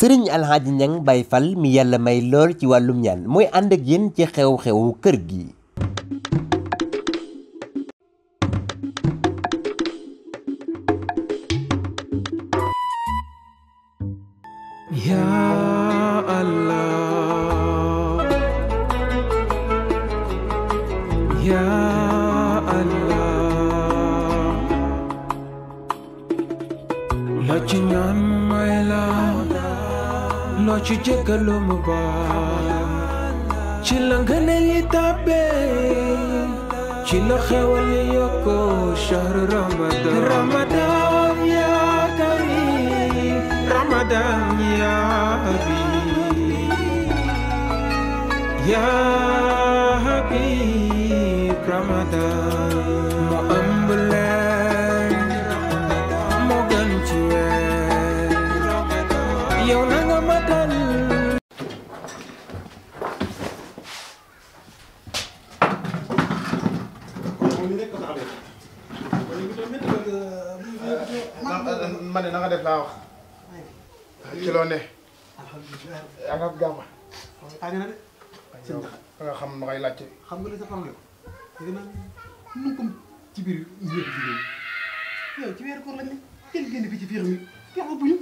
sëriñ alxaaji ñang bay fal mi yàlla may lool ci wàllum ñaan mooy ànd ak yéen ci xew-xewu kër gi loo ci jéggalu mu baal ci la ngëneel yi tàbbee ci la xewal yi yokkoo ramadan ya karim ramadan ya habib ya habib ramadan def laa wax. ci loo ne. alhamdulilah nga xam xam nga li biir njëkk jigéen ñi yow ci weeru ci fiix mi fiix bu ñu.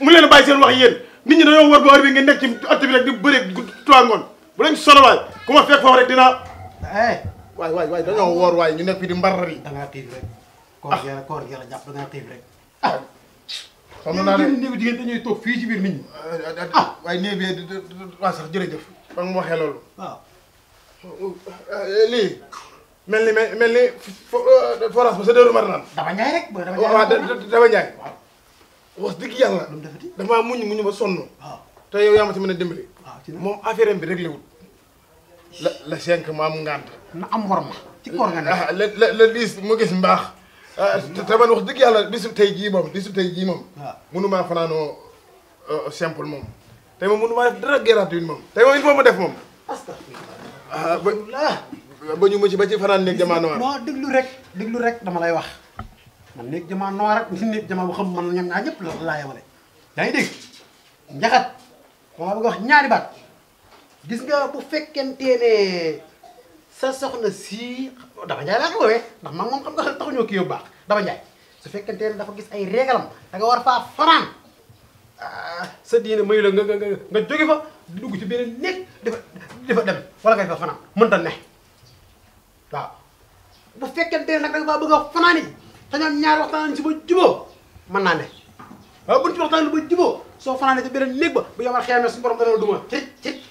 mu leen a bàyyi seen wax yéen nit ñi dañoo war ba heure bi ngeen nekk ci at bi rek di bëre trois ngoon bu leen solo waay ku fekk foofu rek dinaa. Eh. waay waay waay dañoo woor waay ñu nekk fi di koor gi yàlla koor gi yàlla jàpp da ngaa xiif rek. ah sonn naa de ñun néew jigéen dañuy toog fii ci biir nit ñi. ah waaye néew bi waaw sax jërëjëf. ba mu waxee loolu. waaw. Eh, lii mel ni mel ni eh, forage ba sa dëru mar naan. dama ñaay rek booy dama ñaay waaw dama ñaay. wax dëgg yàlla. lu mu defati damaa muñ muñ ba sonn. waaw te yow yaa ma ci mën a dimbali. waaw moom affaire bi réglé wul. la la cinq maam ngànt na am worma. ci koor nga ne la la la dix mu gis mbaax. Ah, te man wax dëgg yàlla bisu tey jii moom bisu tey jii moom. waaw ah. mënumaa fanaanoo euh, simple moom. tey moom mënumaa def dara gratuit moom. tey moom il faut ma ah, ba moom. astafurlah. ba ñu ma ci ba ci fanaan néeg jamaa noir. non déglu rek déglu rek dama lay wax man néeg jamaa noir ak néeg jamaa bu xam man ñoom ñaar ñëpp la laa yemale. yaa dégg njaxat dama bëgg wax ñaari baat gis nga bu fekkente sa soxna sii daba njaay laa ko woowee ndax man moom xam nga taxuñoo kii yow baax daba njaay su fekkente ne dafa gis ay régalam da war faa fanaan ah, sa diine mayu la nga nga nga jóge fa dugg ci beneen néeg dafa dafa dem wala ngay fa fanaan mënta ne waaw bu fekkente ne nag da nga faa bëgg a fanaan yi te ñoom ñaar waxtaan si ba juboo mën naa ne waaw bu ñu ci waxtaan ba juboo soo fanaanee ci beneen néeg ba bu yomal xeemee suñu borom dana la duma ci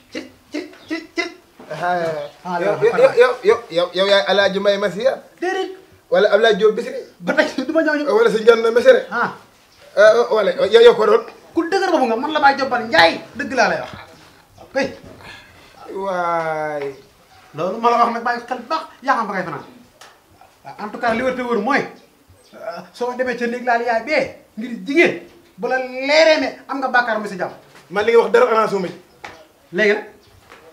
Ah, yow yow yow yow yaay alaaji may masiya déedéet wala Ablaye Diop Bichri ba tey du ma ñëw wala si gan na mesere ah eh, eh, wala yow yow ko doon ku dëgër boobu nga man la Baye Diop Bal Ndiaye dëgg laa lay wax kay waay loolu ma la wax nag bàyyi xel baax yaa xam fa ngay fanaan ah, en tout cas li wër te wër mooy ah, soo demee ca néeg laal yaay bee ngir jigéen bu la leeree ne am nga bàkkaar mu si jàmm man li nga wax dara anaasu ma léegi nag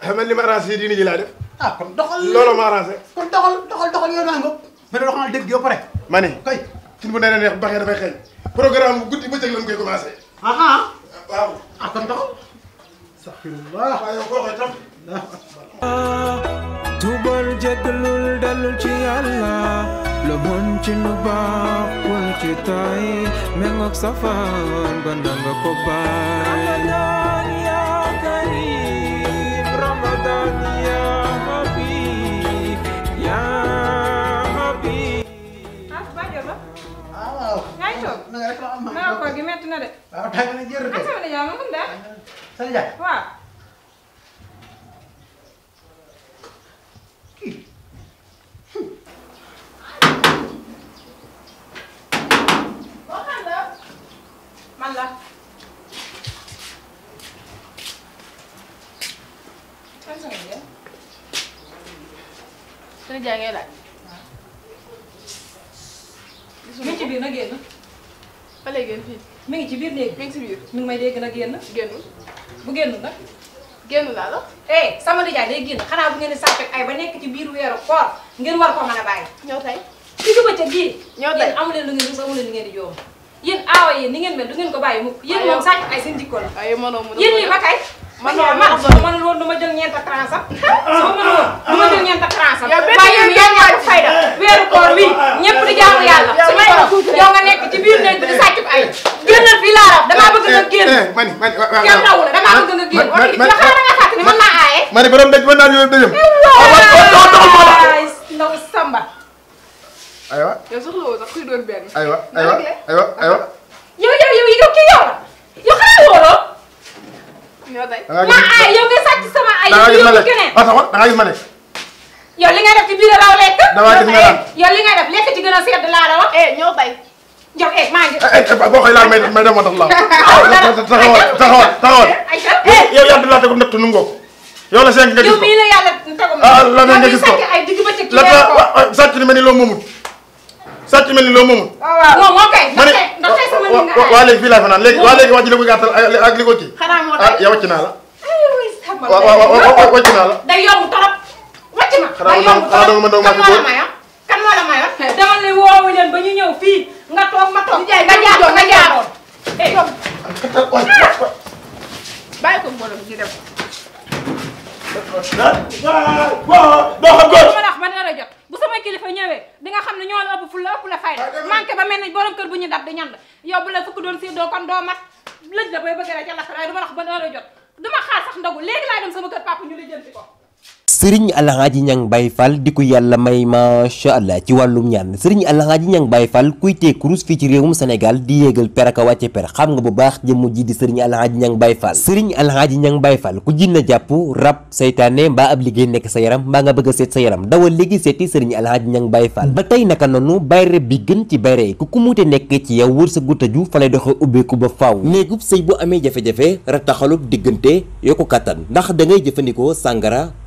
man li ma arrangé diini ji laa def. ah kon doxal looloo ma arrangé. kon doxal doxal doxal yow naa ngóob. mais loolu dégg yow pare. ma ne kay. suñu bu nee neex bu baaxee dafay xeeñ. programme bu guddi bëccëg lañ koy commencé. ah ah. waaw ah kon doxal. astaghfirullah. waaw yow koo koy tam. tubal jégalul dalul ci yàlla lu mun ci nu baaxul ci tay mengoog safaan ba nanga ko ah waaw. na nga rek la am. na de. waaw tàng na jër de. ak sama nijaay ma mun man la. kan sama nijaay. sa nijaay ngay laaj. biir na génn. ba lay génn fii. mi ngi ci biir néeg mi ngi ci biir. mi ngi may dégg na génn. génnul bu génnul nag. génn na la. eh sama nijaay day génn xanaa bu ngeen di sàppeek ay ba nekk ci biir weeru koor ngeen war ko mën a bàyyi. ñoo tey. ci duba ca gii. ñoo tey yéen amu ni ngeen mel du ngeen ko bàyyi mukk. waaw yéen moom sàcc ay seen jikko la. ba kay man man man man loolu dama jël ñeent tranche am. soo mën woon dama jël ñeent tranche am. yow benn yéen yéen ñaata fayda eh, eh, weeru koor wi eh, ñëpp di jaamu yàlla. yow nga nekk ci biir néeg bi di sàcc ay. génnal fii laa damaa ah, bëgg nga génn. man man waaw kenn rawu la damaa bëgg nga génn. man man man nga xaat ni mën naa aaye. ma ne borom dëj mën naa yóbbu dëjëm. ndaw Samba. aywa yow soxla woo sax kuy doon benn. aywa aywa aywa aywa. yow yow yow kii yow la yow xanaa wóoroo ñoo day da ngaa yow nga sàcc sama ay. da ngaa gis ma lekk yow li ngay def ci biir raw lekk. da ngaa gis ma lekk yow li ngay def lekk ci gën a sedd laa la wax. ñoo bay. jox eh maa ngi. boo xoolee laal may may dem tax laal. taxawal taxawal taxawal. yow yaa ngi laa tegu natt nu ngoog. yow la seen nga gis ko yow mii la yàlla tegu. ah la nga gis ko la sàcc ni ma ni loo moomut sàcc mel ni loo moomul. Oh, waaw waaw moo kay. ndaxte ndaxte sama nit nga aywa waaw léegi fii laa fa naan léegi waa léegi wax moo ah, tax ah yow la. day yomb torop wàcc na. day torop xanaa man xanaa dama moo la mayoon ko mbooloo ñu dem. samay kilifa ñëwee di nga xam ne ñoo la ëpp fu la ëpp la fayda ah, manqué ba mel ni borom kër bu ñu dab di ñand yow la fukk doon séddoo kon doo mat lëj la bay bëgg rek ca lakk waaye du ma wax ba heure jot du xaar sax ndogu léegi laay dem sama kër papa ñu lijjanti ko sëriñ Alhaji Niang Baye Fall di ko yàlla may macha allah ci wàllum ñaan sëriñ Alhaji Niang Baye Fall kuy tee kurus fii ci réewum Sénégal di yéegal per ak a wàcce per xam nga bu baax jëmm ji di sëriñ Alhaji Niang Baye Fall sëriñ Alhaji Niang Baye Fall ku jinna jàpp rab saytaane mbaa ab liggéey nekk sa yaram mbaa nga bëgg seet sa yaram dawal léegi seeti sëriñ Alhaji Niang Baye Fall ba tey naka noonu bayre bi gën ci bayre yi ku ku muute nekk ci yow wër sa guttaju fa lay doxee ubbeeku ba faaw néegub sëy bu amee jafe-jafe diggante yokku kattan ndax da ngay jëfandikoo sàngara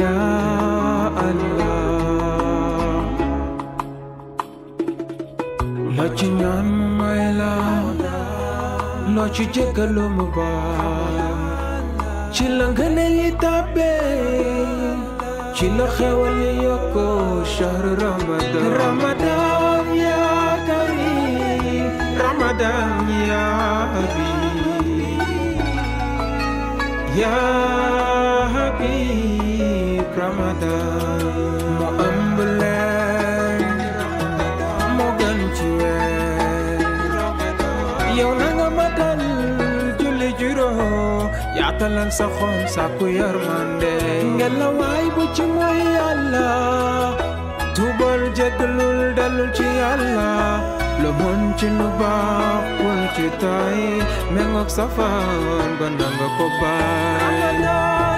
ya Allah loo ci ñaan may loo ci jéggalu mu baal ci la yi tàbbee ci la xewal yi shahru Ramadan ya karim Ramadan ya abi Ramadan moo ëmb leen moo gën ci weer yow na nga matal julli juróom yaatalal sa xol sàkku yërmande ngelaw waay bu ci mooy yàlla tuubal jégalul delul ci yàlla lu mën ci lu baax bul ci tay méngoog safaan ba nanga ko baay